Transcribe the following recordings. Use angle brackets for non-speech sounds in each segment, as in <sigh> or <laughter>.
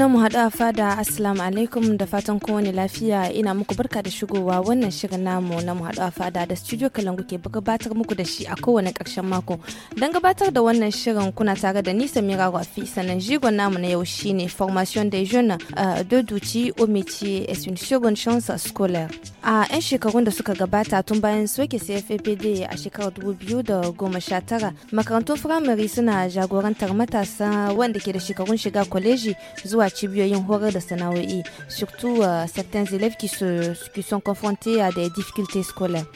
nan mu haɗu a fada assalamu alaikum da fatan kowane lafiya ina muku barka da shigowa wannan shirin namu na mu haɗu a fada da studio kalangu ke gabatar muku da shi a kowane ƙarshen mako don gabatar da wannan shirin kuna tare da nisa mira rafi sannan jigon namu na yau shine formation des jeunes eh, de duci au métier est une seconde chance scolaire a yan shekarun da suka gabata tun bayan soke cfapd a shekarar 2019 makarantun firamare suna jagorantar matasa wanda ke da shekarun shiga kwaleji zuwa surtout euh, certains élèves qui, se, qui sont confrontés à des difficultés scolaires.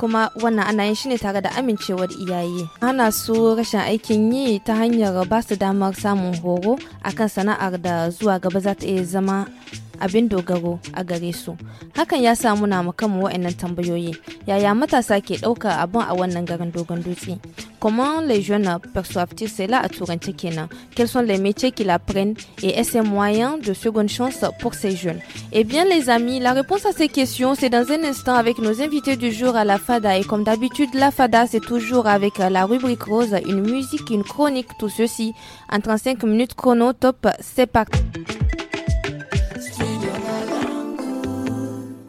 kuma wannan ana yin shi ne tare da amincewar iyaye ana so rashin aikin yi ta hanyar ba su damar samun horo akan sana'ar da zuwa gaba za ta iya zama comment les jeunes perçoivent-ils cela à Tourenté Quels sont les métiers qu'ils apprennent et est-ce un moyen de seconde chance pour ces jeunes Eh bien les amis, la réponse à ces questions c'est dans un instant avec nos invités du jour à la FADA et comme d'habitude la FADA c'est toujours avec la rubrique rose, une musique, une chronique, tout ceci en 35 minutes chrono top, c'est parti.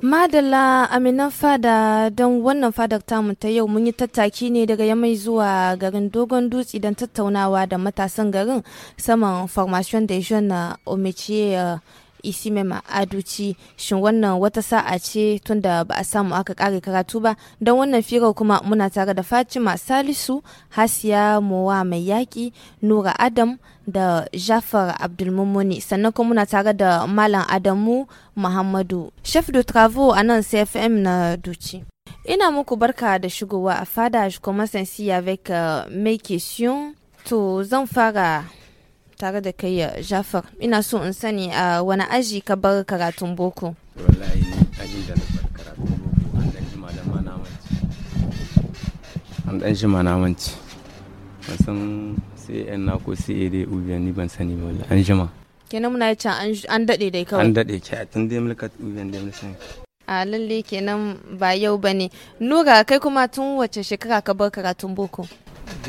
Madala aminan fada don wannan fadar tamu ta yau mun yi tattaki ne daga yamai zuwa garin dogon dutse don tattaunawa da matasan garin saman formation de jeune na uh, omeche uh, isimema aduci shin wannan wata sa'a ce tunda ba a samu aka kare karatu ba don wannan firar kuma muna tare da fatima salisu hasiya mowa mai yaƙi nura adam da Jafar Abdulmumuni sannan kuma muna tare da Malam Adamu Muhammadu. Chef de travo a nan CFM na Duci. Ina muku barka da shigowa a fada kuma sensi avec uh, mes questions. To zan fara tare da kai euh, Jafar. Ina so in sani a wani aji ka bar karatun boko. Wallahi aji da na bar karatun boko an dan jima da manamanci. An dan jima na manci. sai yan na ko sai dai ubiyan ni ban sani ba an jama kenan muna yi can an daɗe dai kawai an daɗe ke a tun dai mulka ubiyan dai mulka a lalle kenan ba yau ba ne nura kai kuma tun wace shekara ka bar karatun boko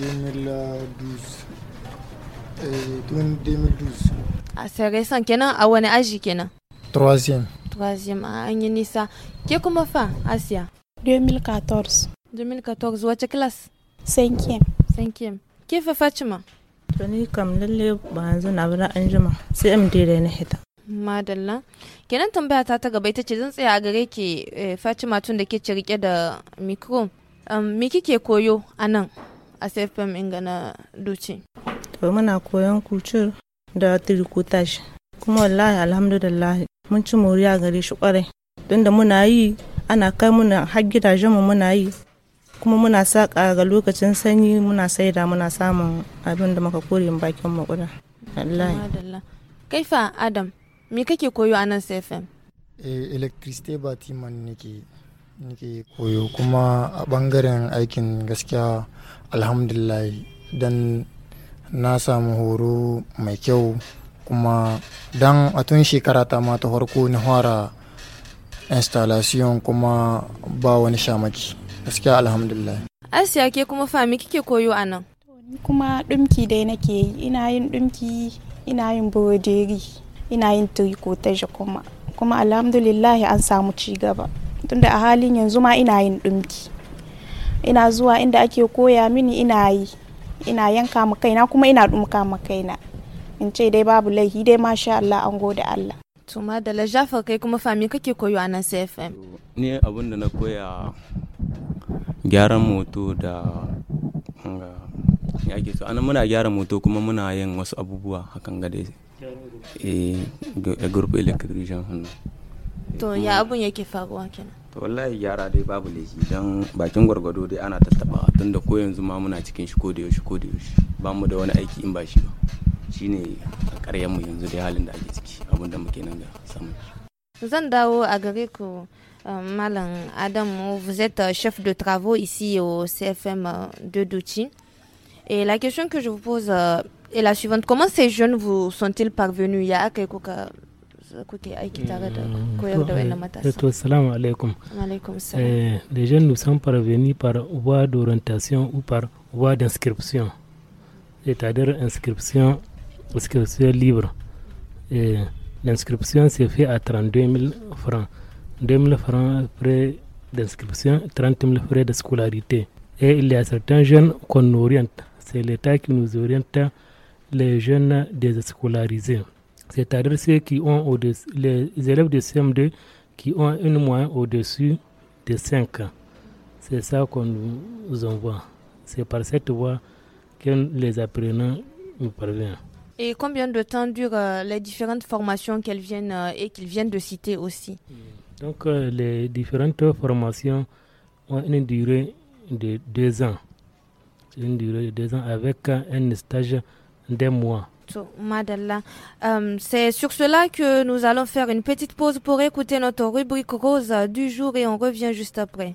2012 a san kenan a wani aji kenan troisième troisième a ah, an yi nisa ke kuma fa asiya 2014 2014 wace class 5e 5e Kefa Fatima. To ni kam lalle ba yanzu na bi na an jima sai MD da na hita. Madalla. Kenan tambaya ta ta gaba ita ce zan tsaya a gare ke eh, Fatima tun da ke ci rike da mikro. me kike koyo a nan a CFM inga na Duci? To muna koyon kucur da trikotash. Kuma wallahi alhamdulillah mun ci moriya gare shi kwarai. Tunda muna yi ana kai muna har gidajenmu muna yi kuma muna saƙa ga lokacin sanyi muna saida muna samun abin da muka kore bakin makuda kaifa adam me kake koyo a nan cfm eh, electricity timan nake nake koyo kuma a bangaren aikin gaskiya alhamdulillah don na samu horo mai kyau kuma don a tun shekara ta mata ta farko na fara installation kuma ba wani shamaki gaskiya alhamdulillah asiya ke kuma fami kike koyo a nan kuma dumki dai nake yi ina yin dumki ina yin burodiri ina yin trikotage kuma kuma alhamdulillah an samu ci gaba tunda a halin yanzu ma ina yin dumki ina zuwa inda ake koya mini ina yi ina yanka ma kaina kuma ina dumka ma kaina in ce dai babu laifi dai masha Allah an gode Allah tuma da lajafar kai kuma fami kake koyo a nan CFM ni abin na koya gyaran moto da ya so anan muna gyara moto kuma muna yin wasu abubuwa hakan ga dai eh, a electrician hannu to ya abun yake faruwa kenan to wallahi gyara dai babu laifi don bakin gwargwado dai ana tattaba tunda ko yanzu ma muna cikin shi ko da yaushe ko da yaushe ba mu da wani aiki in ba shi ba shine a mu yanzu da halin da ake ciki abin muke nan ga samu zan dawo a gare ku Euh, Malin Adam, vous êtes euh, chef de travaux ici au CFM euh, de Douchi. Et la question que je vous pose est la suivante. Comment ces jeunes vous sont-ils parvenus euh, Les jeunes nous sont parvenus par voie d'orientation ou par voie d'inscription, c'est-à-dire inscription, inscription libre. L'inscription s'est fait à 32 000 francs. 2 000 francs frais d'inscription, 30 000 frais de scolarité. Et il y a certains jeunes qu'on oriente. C'est l'État qui nous oriente les jeunes déscolarisés. C'est-à-dire ceux qui ont au les élèves de CM2 qui ont une moyenne au-dessus de 5 ans. C'est ça qu'on nous envoie. C'est par cette voie que les apprenants nous parviennent. Et combien de temps durent euh, les différentes formations qu'elles viennent euh, et qu'ils viennent de citer aussi mm. Donc euh, les différentes formations ont une durée de deux ans. Une durée de deux ans avec euh, un stage d'un mois. Euh, c'est sur cela que nous allons faire une petite pause pour écouter notre rubrique rose du jour et on revient juste après.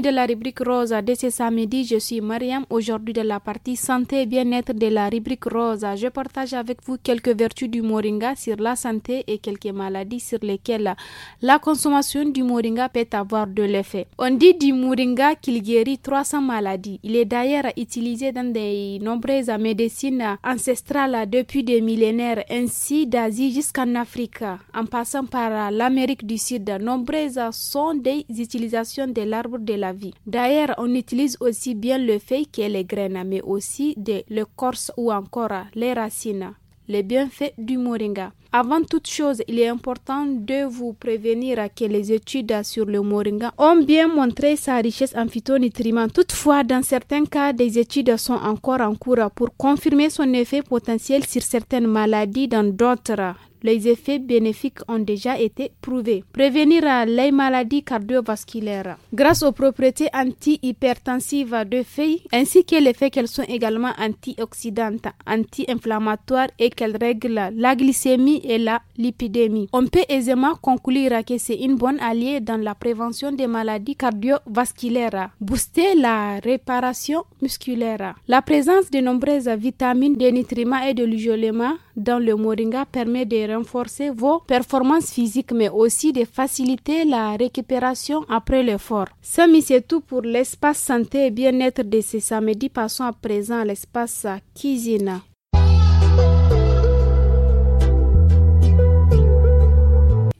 de la rubrique rose dès ce samedi. Je suis Mariam, aujourd'hui de la partie santé et bien-être de la rubrique rose. Je partage avec vous quelques vertus du moringa sur la santé et quelques maladies sur lesquelles la consommation du moringa peut avoir de l'effet. On dit du moringa qu'il guérit 300 maladies. Il est d'ailleurs utilisé dans de nombreuses médecines ancestrales depuis des millénaires, ainsi d'Asie jusqu'en Afrique, en passant par l'Amérique du Sud. Nombreuses sont des utilisations de l'arbre de la D'ailleurs, on utilise aussi bien le feuille que les graines, mais aussi le corse ou encore les racines les bienfaits du moringa. Avant toute chose, il est important de vous prévenir que les études sur le moringa ont bien montré sa richesse en phytonutriments. Toutefois, dans certains cas, des études sont encore en cours pour confirmer son effet potentiel sur certaines maladies. Dans d'autres, les effets bénéfiques ont déjà été prouvés. Prévenir les maladies cardiovasculaires. Grâce aux propriétés antihypertensives de feuilles, ainsi que l'effet qu'elles sont également antioxydantes, anti-inflammatoires et qu'elles règlent la glycémie et la lipidémie. On peut aisément conclure que c'est une bonne alliée dans la prévention des maladies cardiovasculaires. Booster la réparation musculaire. La présence de nombreuses vitamines, de nutriments et de l'isolement dans le moringa permet de renforcer vos performances physiques, mais aussi de faciliter la récupération après l'effort. Samy, c'est tout pour l'espace santé et bien-être de ce samedi. Passons à présent à l'espace cuisine.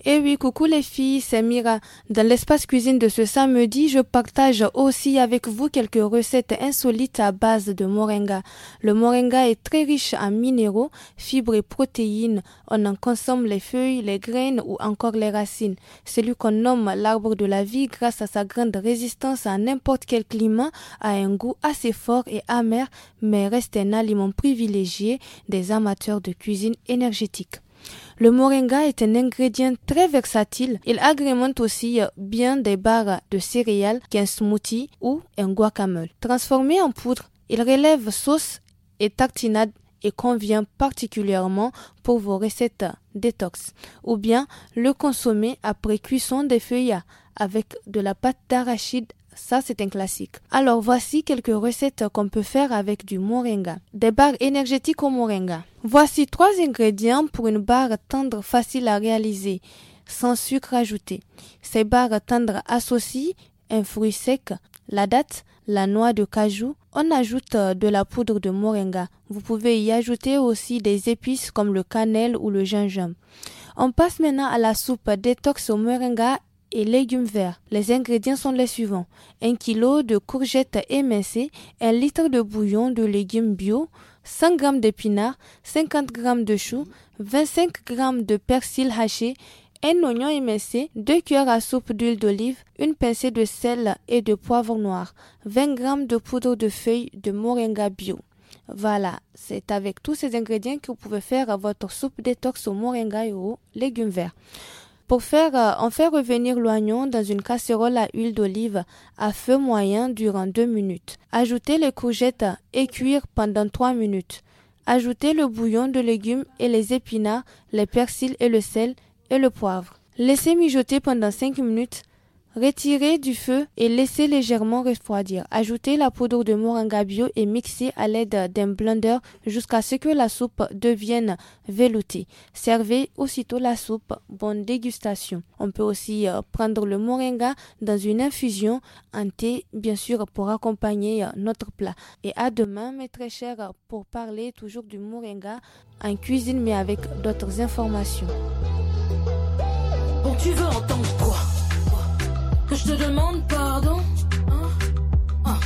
Eh oui, coucou les filles, c'est Mira. Dans l'espace cuisine de ce samedi, je partage aussi avec vous quelques recettes insolites à base de moringa. Le moringa est très riche en minéraux, fibres et protéines. On en consomme les feuilles, les graines ou encore les racines. Celui qu'on nomme l'arbre de la vie grâce à sa grande résistance à n'importe quel climat a un goût assez fort et amer, mais reste un aliment privilégié des amateurs de cuisine énergétique. Le moringa est un ingrédient très versatile. Il agrémente aussi bien des barres de céréales qu'un smoothie ou un guacamole. Transformé en poudre, il relève sauce et tartinade et convient particulièrement pour vos recettes détox. Ou bien le consommer après cuisson des feuillats avec de la pâte d'arachide ça, c'est un classique. Alors, voici quelques recettes qu'on peut faire avec du moringa. Des barres énergétiques au moringa. Voici trois ingrédients pour une barre tendre facile à réaliser, sans sucre ajouté. Ces barres tendres associent un fruit sec, la date, la noix de cajou. On ajoute euh, de la poudre de moringa. Vous pouvez y ajouter aussi des épices comme le cannelle ou le gingembre. On passe maintenant à la soupe détox au moringa et légumes verts. Les ingrédients sont les suivants. 1 kg de courgettes émincées, 1 litre de bouillon de légumes bio, 100 g d'épinards, 50 g de choux, 25 g de persil haché, un oignon émincé, 2 cuillères à soupe d'huile d'olive, une pincée de sel et de poivre noir, 20 g de poudre de feuilles de moringa bio. Voilà, c'est avec tous ces ingrédients que vous pouvez faire votre soupe détox au moringa et aux légumes verts. Pour faire, en euh, faire revenir l'oignon dans une casserole à huile d'olive à feu moyen durant 2 minutes. Ajoutez les courgettes et cuire pendant 3 minutes. Ajoutez le bouillon de légumes et les épinards, les persils et le sel et le poivre. Laissez mijoter pendant 5 minutes Retirez du feu et laissez légèrement refroidir. Ajoutez la poudre de moringa bio et mixez à l'aide d'un blender jusqu'à ce que la soupe devienne veloutée. Servez aussitôt la soupe. Bonne dégustation. On peut aussi euh, prendre le moringa dans une infusion, en thé bien sûr pour accompagner euh, notre plat. Et à demain mes très chers pour parler toujours du moringa en cuisine mais avec d'autres informations. tu veux entendre quoi que je te demande pardon hein, hein.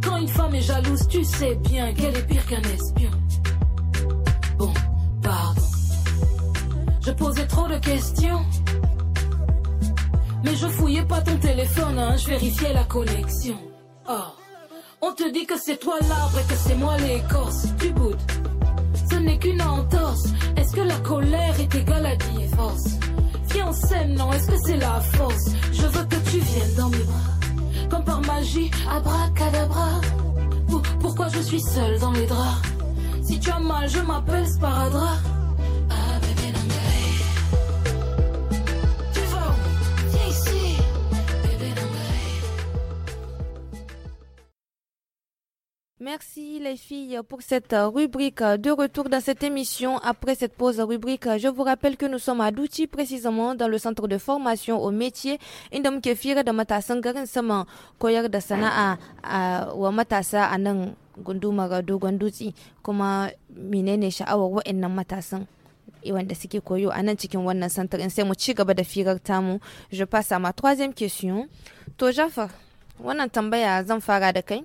Quand une femme est jalouse, tu sais bien qu'elle est pire qu'un espion. Bon, pardon. Je posais trop de questions. Mais je fouillais pas ton téléphone, hein, je vérifiais la connexion. Oh. On te dit que c'est toi l'arbre et que c'est moi l'écorce. Tu boudes. Ce n'est qu'une entorse. Est-ce que la colère est égale à divorce qui enseigne, non, est-ce que c'est la force Je veux que tu viennes dans mes bras, comme par magie, abracadabra. Pourquoi je suis seule dans les draps Si tu as mal, je m'appelle Sparadra. Merci les filles pour cette euh, rubrique euh, de retour dans cette émission. Après cette pause rubrique, euh, je vous rappelle que nous sommes à Douchi précisément dans le centre de formation au métier inda muke fira da matasan garin saman koyar da sana'a wa matasa anan gundu gundumar dogon dutse kuma menene sha'awar wa'annan matasan wanda suke koyo a nan cikin wannan center in sai mu ci gaba da firar tamu je passe à ma troisième question to jafar wannan tambaya zan fara da kai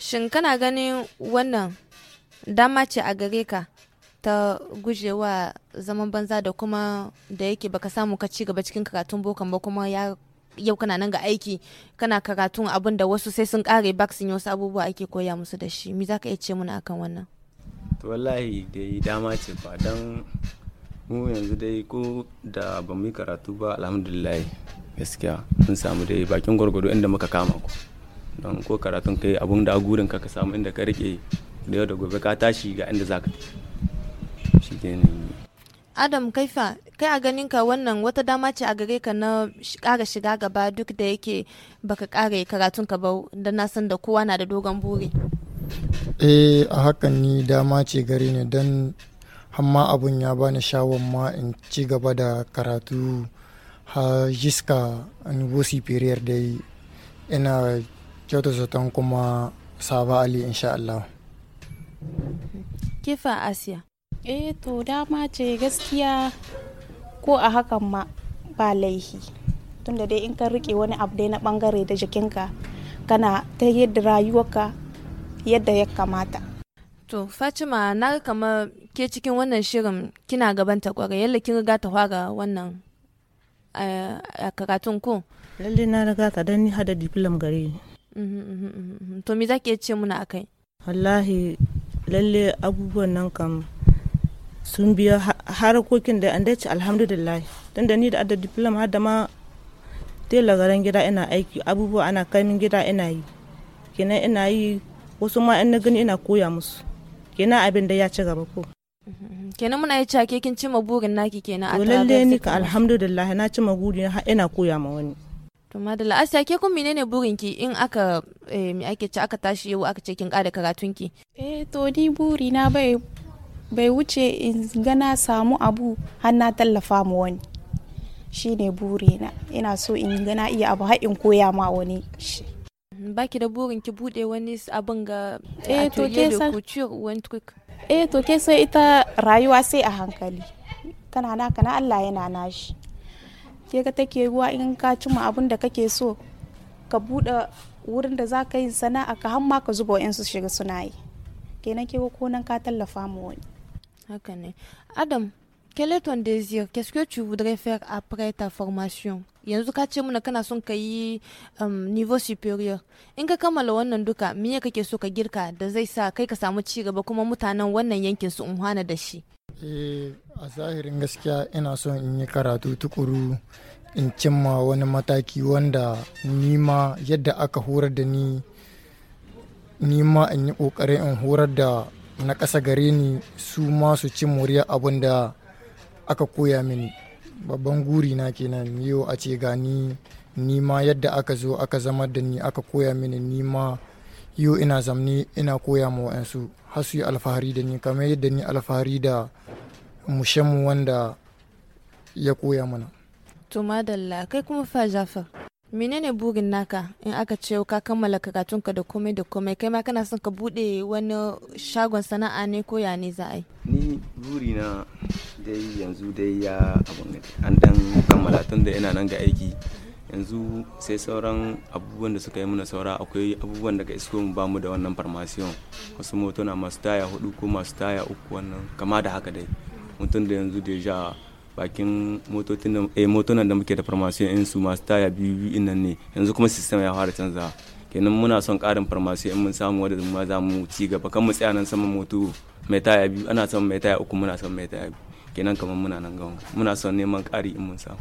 shin kana ganin wannan dama ce a gare ka ta gujewa zaman banza da kuma da yake baka samu ka ci gaba cikin karatun bokan ba kuma ya yau kana nan ga aiki kana karatun abin da wasu sai sun kare bak sun wasu abubuwa ake koya musu da shi me ka iya ce mana akan wannan to wallahi dai dama ce ba dan mu yanzu dai ko da ba mu yi karatu ba alhamdulillah gaskiya mun samu dai bakin gwargwado inda muka kama ku don ko karatun kai abun da gurin ka samu inda ka rike da yau da gobe ka tashi ga inda za ka shi adam kaifa kai a ganin ka wannan wata dama ce a gare ka na kara shiga gaba duk da yake baka kare karatun ka ba da na san da kowa na da dogon buri eh a hakan ni dama ce gare ni don hamma abun ya bani shawon ma in ci gaba da karatu ha jiska an gosi periyar dai ina kyautar zaton kuma saba ali insha Allah. kifa asiya e to dama ce gaskiya ko a hakan ma ba laihi tunda dai in ka rike wani abu dai na bangare da jikinka kana ta yadda rayuwarka yadda ya kamata to fatima na ga kama ke cikin wannan shirin kina gaban ta kwarai yalla kin riga ta fara wannan eh, a karatun ko lalle na riga ka dan ni hada diplom gare ni Mhm, mhm, mhm, to me zaki ce muna akai wallahi lalle abubuwan nan kam sun biya harakokin da an dace alhamdulillah don da ni da adda diploma har da ma tela garan gida ina aiki abubuwa ana kamin gida ina yi kenan ina yi wasu ma ina gani ina koya musu kenan abin da ya ci gaba ko kenan muna yi cake kin cima burin naki kenan a lalle ni ka alhamdulillah na cima burin ina koya ma wani To madalla Asiya ke kun menene burinki in aka eh, me ake ci aka tashi yau aka ce kin ƙara ki? Eh to ni buri na bai bai wuce in ga na samu abu har na tallafa mu wani. Shine buri na ina so in gana iya abu har in koya ma wani Baki da burin ki bude wani abin ga eh to ke san Eh to ke san ita rayuwa sai a hankali. kana naka na Allah yana nashi. ke ga take ruwa in ka cimma abin da kake so ka buɗe wurin da za ka yi sana'a ka hamma ka zuba su shiga suna yi kenan ke ko nan ka tallafa mu wani haka ne adam quel est ton désir qu'est-ce que tu voudrais faire après ta formation yanzu ka ce mana kana son ka yi um, niveau superior in ka kammala wannan duka miya kake so ka girka da zai sa kai ka samu ci gaba kuma mutanen wannan yankin su umhana da shi Eh, a zahirin gaskiya ina son in yi karatu tukuru in cimma wani mataki wanda nima yadda aka horar da ni nima in yi ƙoƙarin in horar da na ƙasa gare ni su ma su ci moriya abin da aka koya mini babban guri na kenan yau a ce gani nima yadda aka zo aka zama da ni aka koya mini nima yau ina zamni ina koya ma wa'ansu har su yi alfahari da ni kamar yadda ni alfahari da mushemu wanda ya koya mana to madalla kai kuma fa jafar menene burin naka in aka ce ka kammala karatunka da komai da komai kai ma kana son ka bude wani shagon sana'a ne ko ya ne za a yi ni burina dai yanzu dai ya abin an dan kammala tun da ina nan ga aiki yanzu sai sauran abubuwan da suka yi muna saura akwai abubuwan daga isko mu bamu da wannan farmasiyon wasu motuna masu taya hudu ko masu taya uku wannan kama da haka dai mutum da yanzu deja bakin eh, motunan da muke da farmasiyon in su masu taya biyu biyu innan ne yanzu kuma sistem ya fara canza kenan muna son karin farmasiyon in mun samu wadda ma za mu ci gaba kan mu tsaya nan saman moto mai taya biyu ana son mai taya uku muna son mai taya biyu kenan kamar muna nan gawa muna son neman kari in mun samu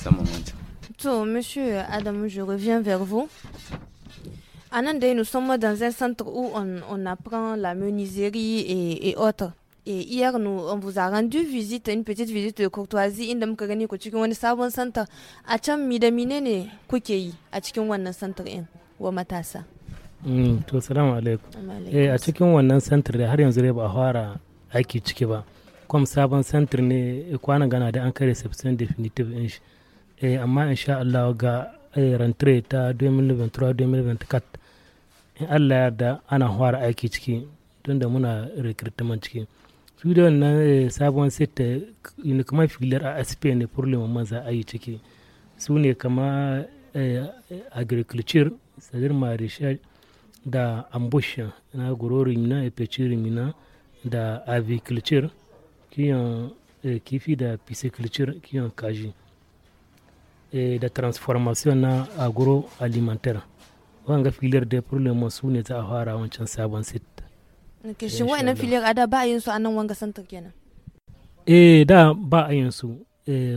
saman wancan Donc, monsieur Adam, je reviens vers vous. À Nandé, nous sommes dans un centre où on, on apprend la menuiserie et, et autres. Et hier, nous, on vous a rendu visite, une petite visite de courtoisie, Indem muka gani ku cikin sabon center A can mi da mine ne kuke yi a cikin wannan in wa matasa? Mm, to salamu alaikum. Eh, a cikin wannan santar da har yanzu ba fara aiki ciki ba. Kwam sabon center ne eh, kwanan gana da an kare reception definitive in eh, amma insha Allah ga eh, rantre ta 2023-2024 in Allah ya da ana fara aiki ciki tun da muna recruitment ciki su da wannan eh, sabon eh, ne kuma filar a aspe ne problem maza a yi ciki su ne kama eh, agriculture sadir marisha da ambush na goro rimina epeci rimina da aviculture kiyan kifi da pisciculture kiyan kaji da transformation na agroalimentaire wanga filiyar da problem su ne za a fara wancan sabon sit shin wa'annan filiyar ada ba a yin su a nan wanga santa kenan eh da ba a yin su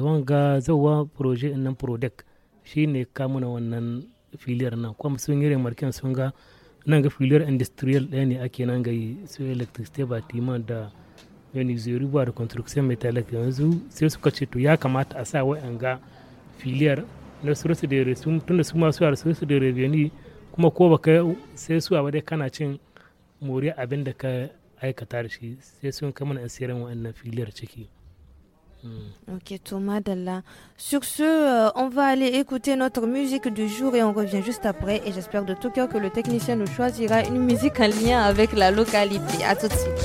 wanga zauwa proje nan prodec shi ne kamuna wannan filiyar nan kuma sun yi remarkin sun ga nan ga filiyar industrial ɗaya ne ake nan ga su electricity ba timan da yanzu zuwa da construction metallic yanzu sai suka ce to ya kamata a sa wa'anga filière hmm. Ok, Thomas Sur ce, euh, on va aller écouter notre musique du jour et on revient juste après. Et j'espère de tout cœur que le technicien nous choisira une musique en lien avec la localité. À tout de suite.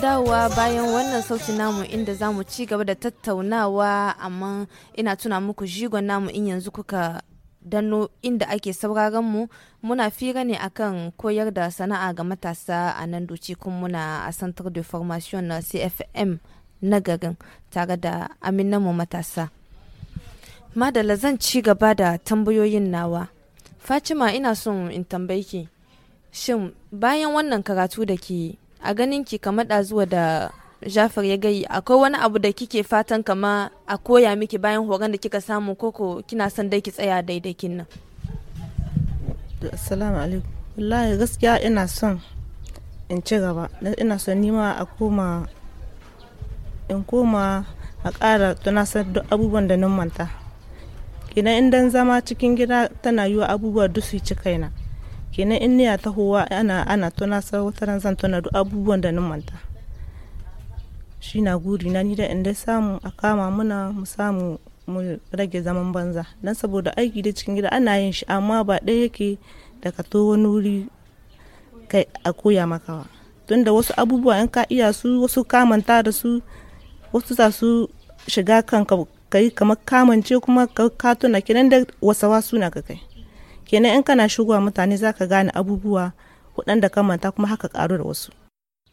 dawowa bayan wannan sauti namu inda za mu ci gaba da tattaunawa amma ina tuna muku jigon namu in yanzu kuka danno inda ake sauraron mu muna fira ne akan koyar da sana'a ga matasa a nan doci kun muna a centre de formation na cfm nagarin tare da mu matasa madala zan ci gaba da tambayoyin nawa fatima ina son in tambayi shin bayan wannan karatu da ke a ganin ki kamar zuwa da Jafar ya gayi akwai wani abu da kike fatan kama a koya miki bayan horon da kika samu koko kina son dai ki tsaya daidai kin nan. Assalamu alaikum. Wallahi gaskiya ina son in ci gaba. Ina son nima a koma in koma a ƙara tunasar duk abubuwan da nan manta. Kina in dan zama cikin gida tana yiwa abubuwa duk su ci kaina. kenan in ni ta tahowa ana ana tuna sai zan tuna duk abubuwan da na manta shi na guri na ni da in dai samu a kama muna mu samu mu rage zaman banza dan saboda aiki da cikin gida ana yin shi amma ba ɗaya yake daga to wani wuri kai a koya maka ba tunda wasu abubuwa in ka iya su wasu kamanta da su wasu za su shiga kanka kai kamar kamance kuma ka tuna kiran da wasawa suna ka kai kenan in kana shigowa mutane za ka gane abubuwa waɗanda ka manta kuma haka ƙaru da wasu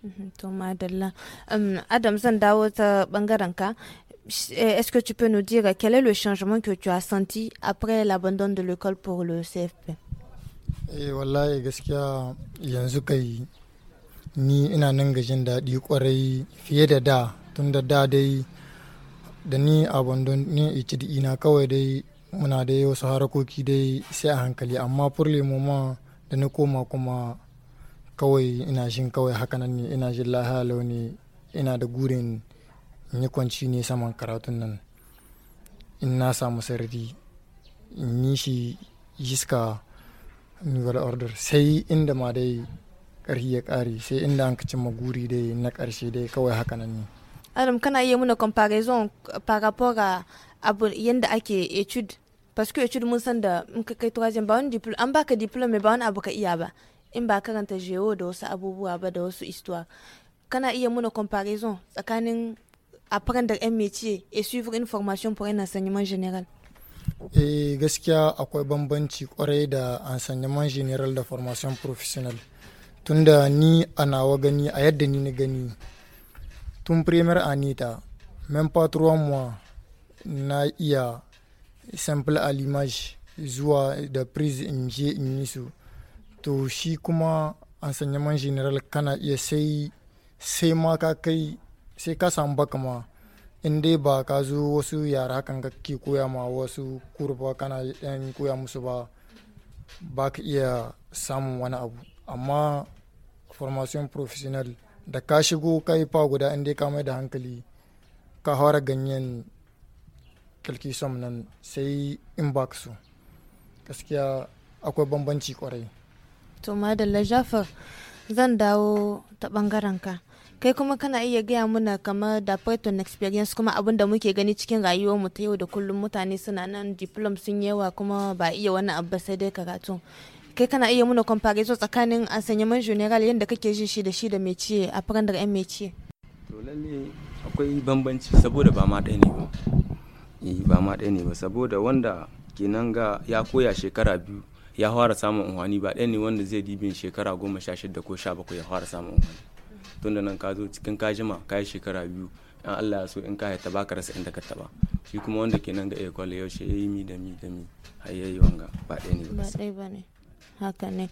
mhm, to madalla adam zan dawo ta bangaren ka eh, est-ce que tu peux nous dire quel est le changement que tu as senti après l'abandon de l'école pour le CFP eh, wallahi gaskiya yanzu kai ni ina nan ga jin daɗi kwarai fiye da da tun da da dai da ni abandon ni icidi ina e kawai dai muna da wasu harkoki dai sai a hankali amma furle ma da na koma kuma kawai ina jin kawai hakanan ne ina jin lahalau ne ina da gurin yi kwanci ne saman karatun nan in na samu sarari in yi shi yiska nuwar order sai inda ma dai ƙarfi ya ƙare sai inda an cimma guri dai na karshe dai kawai hakanan ne adam kana iya muna comparaison eh, par rapport abu yanda ake etude que etude mun san da in ka kai tuwajen ba wani diploma an baka mai ba wani abu ka iya ba in ba karanta geo da wasu abubuwa ba da wasu histoire kana iya muna comparaison tsakanin apprendre un métier et suivre une formation pour un enseignement général eh gaskiya akwai bambanci kwarai da enseignement general da formation professional tunda ni a nawa gani a yadda ni na gani tun primaire anita même pas trois mois na iya sample alimash zuwa da prise in je in yi su to shi kuma man general kana iya sai sai ma ka kai sai ka samu baka ma in dai ba ka zo wasu yara hakan ka ke koya ma wasu kurba kana yan koya musu ba ba ka iya samun wani abu amma formation professional da ka shigo ka yi fa guda in dai ka mai da hankali ka hara ganyen kalkisom nan sai in ba su gaskiya akwai bambanci kwarai to madalla jafar zan dawo ta bangaren ka kai kuma kana iya gaya muna kamar da Python experience kuma abin da muke gani cikin rayuwar mu ta yau da kullum mutane suna nan diplom sun yi yawa kuma ba iya wani abu sai dai karatu kai kana iya muna comparison tsakanin man general yadda kake jin shi da shi da mai a furan mai yan to lalle akwai bambanci saboda ba ma ɗaya ne ba Eh, ba ma ɗaya ne ba saboda wanda kenan ga ya koya shekara biyu ya fara samun unhani ba ɗaya ne wanda zai dibin shekara goma sha shida ko sha bakwai ya fara samun unhani tun da nan ka zo cikin ka jima ka yi shekara biyu an Allah ya so in ka haita ba ka rasa inda ka taba shi kuma wanda kenan ga ekwale yaushe ya yi mi da mi da mi har ya yi wanga ba ɗaya ne ba ɗaya ba ne haka ne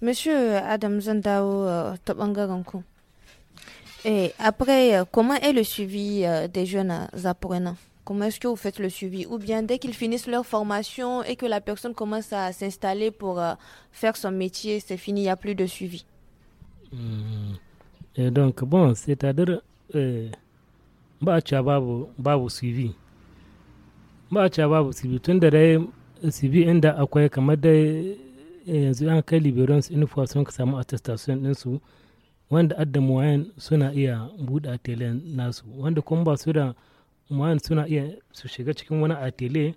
monsieur adam zan dawo uh, ta ɓangaren ku eh après comment est le suivi uh, des jeunes uh, apprenants Comment est-ce que vous faites le suivi Ou bien dès qu'ils finissent leur formation et que la personne commence à s'installer pour euh, faire son métier, c'est fini, il n'y a plus de suivi euh, Et donc, bon, c'est-à-dire, euh, ba bah, euh, a babu, babu suivi. Ba a babu suivi. vous da dai suivi inda akwai kamar dai yanzu an kai une uniform que ka samu attestation ɗinsu wanda adda muwayan suna iya buɗe telen nasu wanda kuma ba su da ma'an suna iya su shiga cikin wani atele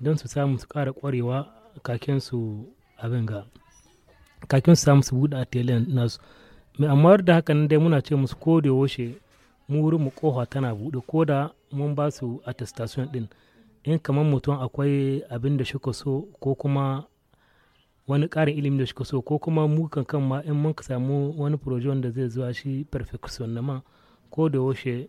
don su samu su ƙara ƙwarewa kakin su abin ga kakin su samu su buɗe atelen nasu mai amma da hakan dai muna ce musu ko da yaushe mu wurin mu kofa tana buɗe ko da mun ba su attestation ɗin in kamar mutum akwai abin da shuka so ko kuma wani ƙarin ilimin da shuka so ko kuma mu kan kan ma in mun samu wani proje wanda zai zuwa shi perfection na ma ko da yaushe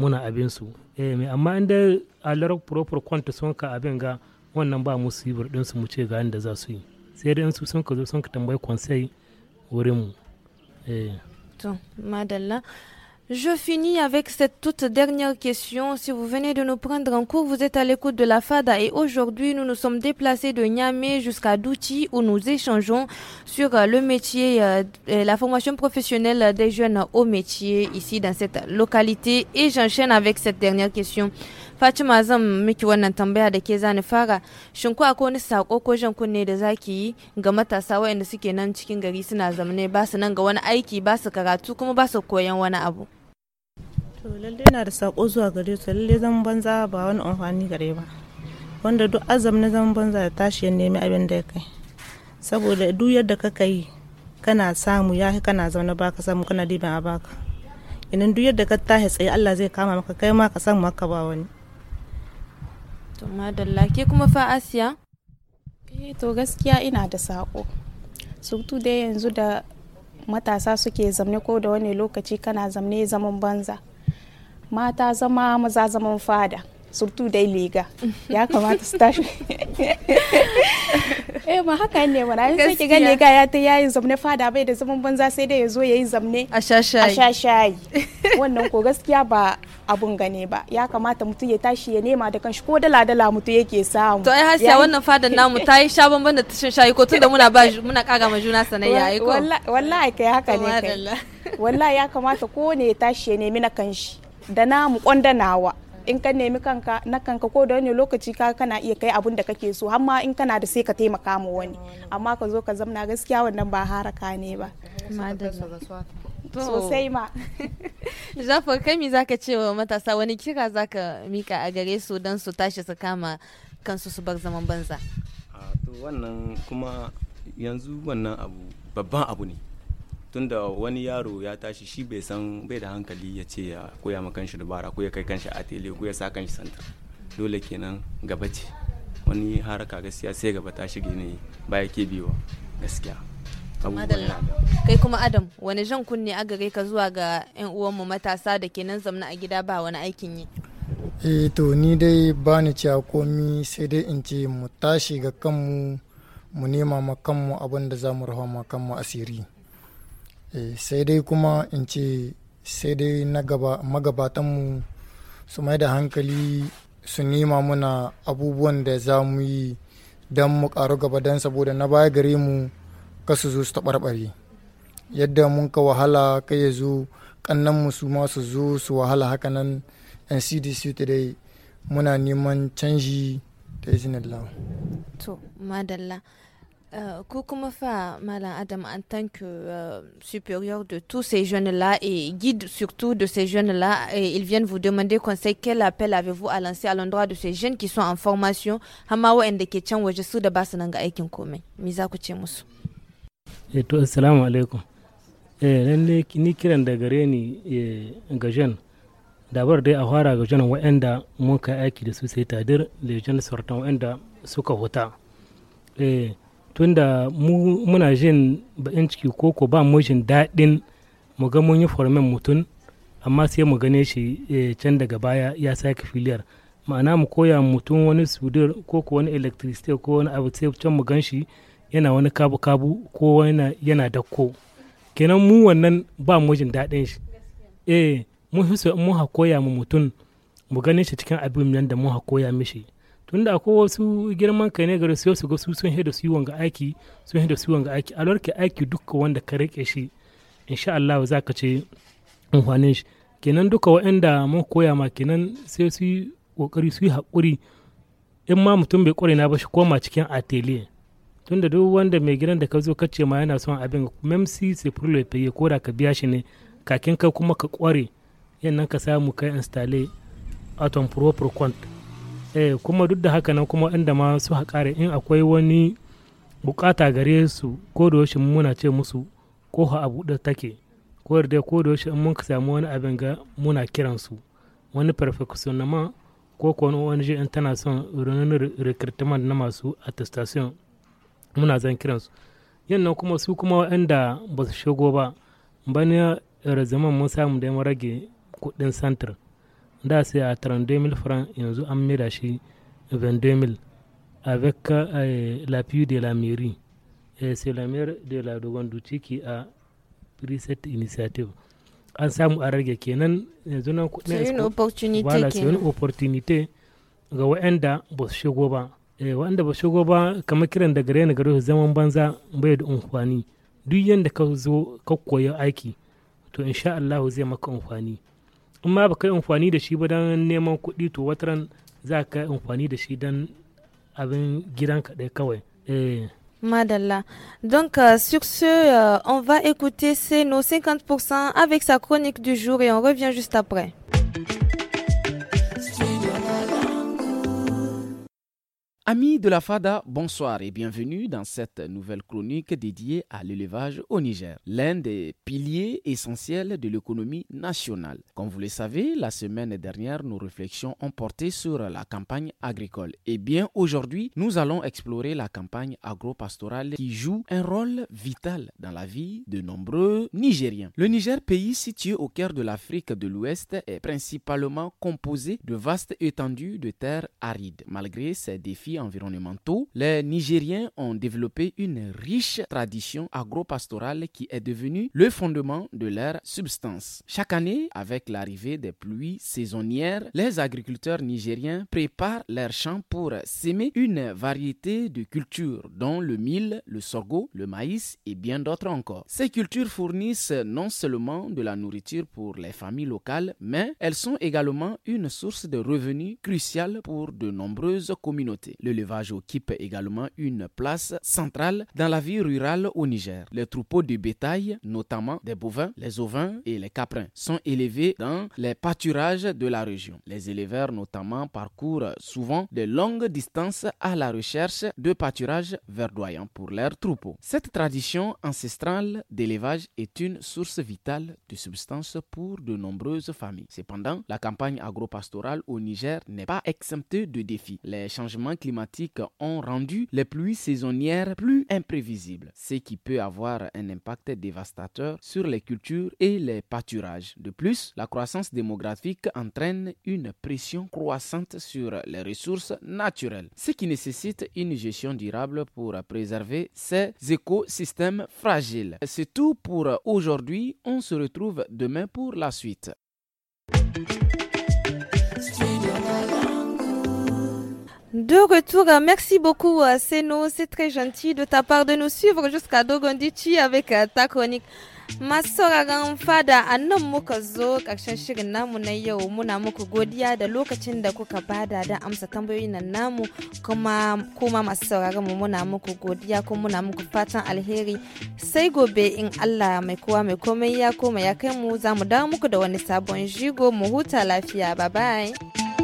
muna abin su eh, mai amma inda alar proper kwanta sun ka abin ga wannan ba musu yi din su mu ce ga inda za su yi sai dai su sun ka zo sun ka tambayi kwansai wurin mu eh madalla Je finis avec cette toute dernière question. Si vous venez de nous prendre en cours, vous êtes à l'écoute de la FADA et aujourd'hui nous nous sommes déplacés de Niamey jusqu'à Douti où nous échangeons sur euh, le métier, euh, la formation professionnelle des jeunes au métier ici dans cette localité et j'enchaîne avec cette dernière question. Fatima de fara zaki aiki abu. to lalle da sako zuwa gare su lalle zaman banza ba wani amfani gare ba wanda duk azam na zaman banza da tashi ya nemi abin da ya kai saboda duk yadda ka kai kana samu ya kana zaune baka samu kana diban a baka idan duk yadda ka tashi tsaye Allah zai kama maka kai ma ka samu maka ba wani to madalla ke kuma fa asiya eh to gaskiya ina da sako surtu dai yanzu da matasa suke zamne ko da wani lokaci kana zamne zaman banza mata zama maza zaman fada surtu dai liga ya kamata su tashi <laughs> eh ma haka ne mana sai ki ga liga ya ta yayi zamne fada bai da zaman banza sai dai ya zo yayi zamne a shashayi wannan ko gaskiya ba abun gane ba ya kamata mutum ya tashi ya nema da kanshi ko dala dala mutum yake samu to ai hasiya wannan fadan namu ta yi sha banban da tashin shayi ko tunda muna ba muna kaga ma juna sanayya ai ko wallahi kai haka ne kai wallahi ya kamata ko ne ya tashi ya nemi na kanshi da namu kwanda nawa in ka nemi kanka na kanka ko da wani lokaci ka kana iya kai abun da kake so amma in kana da sai ka taimaka mu wani amma ka zo ka zamna gaskiya wannan ba haraka ne ba sosai ma jafar kami zaka ce wa matasa wani kira za ka mika a gare su don su tashi su kama kansu su bar zaman banza ah, wannan kuma yanzu wannan abu babban abu ne tunda wani yaro ya tashi shi bai san bai da hankali ya ce ya koya ma shi dabara ko ya kai kanshi a tele ko ya sa kanshi santar dole kenan gaba ce wani haraka gaskiya sai gaba ta shige ne ya ke biyo gaskiya kai kuma adam wani jan kunne aga gai ka zuwa ga 'yan uwanmu matasa da ke nan zamna a gida ba wani aikin yi e to ni dai ba ni cewa komi sai dai in ce mu tashi ga kanmu mu nema ma kanmu abin da za mu rahama kanmu asiri Eh, sai dai kuma in ce sai dai na gaba magabatanmu su mai da hankali su nema muna abubuwan da za mu yi don mu karu gaba don saboda na baya gare mu kasu zo su taɓarɓare yadda mun ka wahala kai ya zo kannan su ma su zo su wahala hakanan ncdc today muna neman canji da izinin to madalla Euh, comment faire, Madame Adam, en tant que euh, supérieur de tous ces jeunes-là et guide surtout de ces jeunes-là, et ils viennent vous demander conseil, quel appel avez-vous à lancer à l'endroit de ces jeunes qui sont en formation Hamawa inda waje su da ba su nan ga aikin komai. musu? Eh to assalamu alaikum. Eh lalle ni kiran da gare ni eh, ga jeune dabar dai a fara ga jeunes waɗanda mun kai aiki da su sai tadir da jeunes suka huta. Eh tunda mu muna jin baƙin ciki ko ba mu jin daɗin mu ga mun yi formen mutum amma sai mu gane shi eh, can daga baya ya sake filiyar ma'ana mu koya mutum wani sudur ko ko wani electricity ko wani abu sai can mu gan shi yana wani kabu-kabu ko wani yana dakko kenan mu wannan ba mu jin daɗin shi eh mun koya mu mutum mu ganin shi cikin abin nan da mu koya mishi tunda akwai wasu girman kai ne gare su su ga su sun da su aiki sun da su yi wanga aiki alwar ka aiki duka wanda ka rike shi insha Allah za ka ce amfanin shi kenan duka waɗanda mun koya ma kenan sai su yi kokari su yi haƙuri in ma mutum bai kware na ba shi koma cikin atelier tunda duk wanda mai gidan da ka zo ka ce ma yana son abin memsi si sai furlo ya ko ka biya shi ne kakin ka kuma ka ƙware yannan ka samu kai installe atom proper quant eh kuma duk da haka nan kuma inda ma su haƙare in akwai wani bukata gare su ko da yaushe muna ce musu ko ha abu da take ko da ko da yaushe in mun samu wani abin ga muna kiran su wani ma ko ko wani ONG in tana son runin recruitment na masu attestation muna zan kiran su nan kuma su kuma waɗanda ba su shigo ba bana razaman mun samu da rage kuɗin center da sai a 2000 francs yanzu an mera shi 22,000 avec la eh, l'appui de la mairie et eh, c'est la maire de la Dogonduci ciki a reset initiative an samu a rage kenan yanzu nan kudin c'est une opportunité voilà, c'est une opportunité ga wa'anda ba su shigo ba eh, wa'anda ba su shigo ba kamar kiran da gare ni gare su zaman banza bai da amfani duk yanda ka zo ka koyi aiki to insha Allah zai maka amfani in ma baka yi amfani da shi ba don neman kuɗi to wataran za ka yi amfani da shi don abin gidanka ɗaya kawai eh. Madalla. Donc, euh, sur ce, euh, on va écouter C'est nos 50% avec sa chronique du jour et on revient juste après. Amis de la FADA, bonsoir et bienvenue dans cette nouvelle chronique dédiée à l'élevage au Niger, l'un des piliers essentiels de l'économie nationale. Comme vous le savez, la semaine dernière, nos réflexions ont porté sur la campagne agricole. Et eh bien aujourd'hui, nous allons explorer la campagne agro-pastorale qui joue un rôle vital dans la vie de nombreux Nigériens. Le Niger, pays situé au cœur de l'Afrique de l'Ouest, est principalement composé de vastes étendues de terres arides. Malgré ses défis environnementaux, les Nigériens ont développé une riche tradition agro qui est devenue le fondement de leur substance. Chaque année, avec l'arrivée des pluies saisonnières, les agriculteurs nigériens préparent leurs champs pour s'aimer une variété de cultures, dont le mil, le sorgho, le maïs et bien d'autres encore. Ces cultures fournissent non seulement de la nourriture pour les familles locales, mais elles sont également une source de revenus cruciale pour de nombreuses communautés. L'élevage occupe également une place centrale dans la vie rurale au Niger. Les troupeaux de bétail, notamment des bovins, les ovins et les caprins, sont élevés dans les pâturages de la région. Les éleveurs notamment parcourent souvent de longues distances à la recherche de pâturages verdoyants pour leurs troupeaux. Cette tradition ancestrale d'élevage est une source vitale de substances pour de nombreuses familles. Cependant, la campagne agropastorale au Niger n'est pas exemptée de défis. Les changements climatiques ont rendu les pluies saisonnières plus imprévisibles, ce qui peut avoir un impact dévastateur sur les cultures et les pâturages. De plus, la croissance démographique entraîne une pression croissante sur les ressources naturelles, ce qui nécessite une gestion durable pour préserver ces écosystèmes fragiles. C'est tout pour aujourd'hui, on se retrouve demain pour la suite. De retour, merci beaucoup euh, Seno, c'est très gentil de ta part de nous suivre jusqu'à Dogondichi avec euh, ta chronique. Masu fada a nan muka zo ƙarshen shirin namu na yau muna muku godiya da lokacin da kuka bada da amsa tambayoyin nan namu kuma kuma masu sauraron mu muna muku godiya kuma muna muku fatan alheri sai gobe in Allah mai kowa mai komai ya koma ya kai mu za mu dawo muku da wani sabon jigo mu huta lafiya bye bye